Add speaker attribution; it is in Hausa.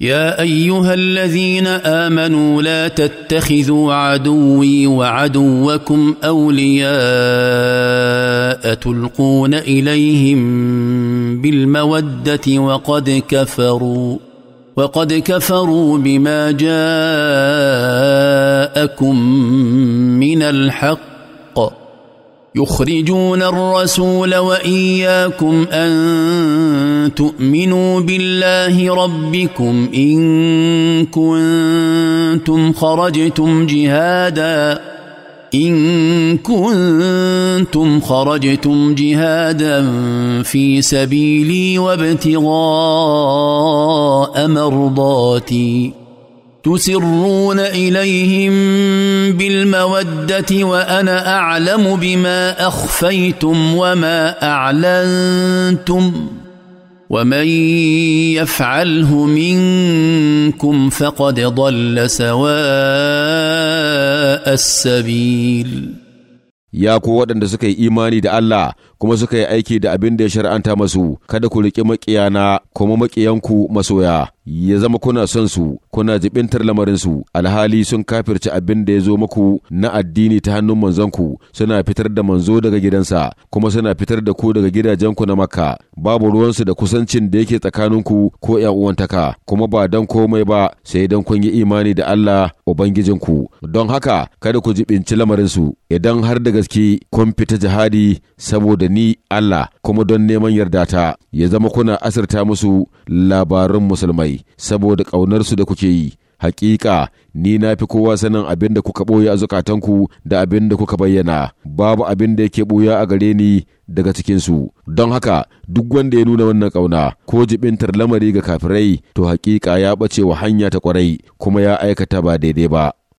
Speaker 1: يا ايها الذين امنوا لا تتخذوا عدوي وعدوكم اولياء تلقون اليهم بالموده وقد كفروا وقد كفروا بما جاءكم من الحق يخرجون الرسول واياكم ان تؤمنوا بالله ربكم إن كنتم خرجتم جهادا إن كنتم خرجتم جهادا في سبيلي وابتغاء مرضاتي تسرون إليهم بالمودة وأنا أعلم بما أخفيتم وما أعلنتم ۖ ومن يفعله منكم فقد ضل سواء
Speaker 2: السبيل ya ku waɗanda suka yi imani da Allah kuma suka yi aiki da abin da ya shar'anta masu kada ku riƙe maƙiyana kuma maƙiyanku masoya ya zama kuna son su kuna jibintar lamarin su alhali sun kafirci abin da ya zo muku na addini ta hannun manzonku suna fitar da manzo daga gidansa kuma suna fitar da ku daga gidajenku na makka babu ruwansu da kusancin da yake tsakaninku ko yan uwantaka kuma ba don komai ba sai don kun yi imani da Allah ubangijinku don haka kada ku jibinci lamarinsu idan har da gaske kun fita jihadi saboda ni Allah kuma don neman yardata ya zama kuna asirta musu labarin musulmai saboda ƙaunarsu da kuke yi hakika ni na fi kowa sanin abin da kuka ɓoye a zukatanku da abin da kuka bayyana babu abin da yake ɓoya a gare ni daga cikinsu don haka duk wanda ya nuna wannan ƙauna ko jibintar lamari ga kafirai to hakika ya ɓace wa hanya ta ƙwarai kuma ya aikata ba daidai ba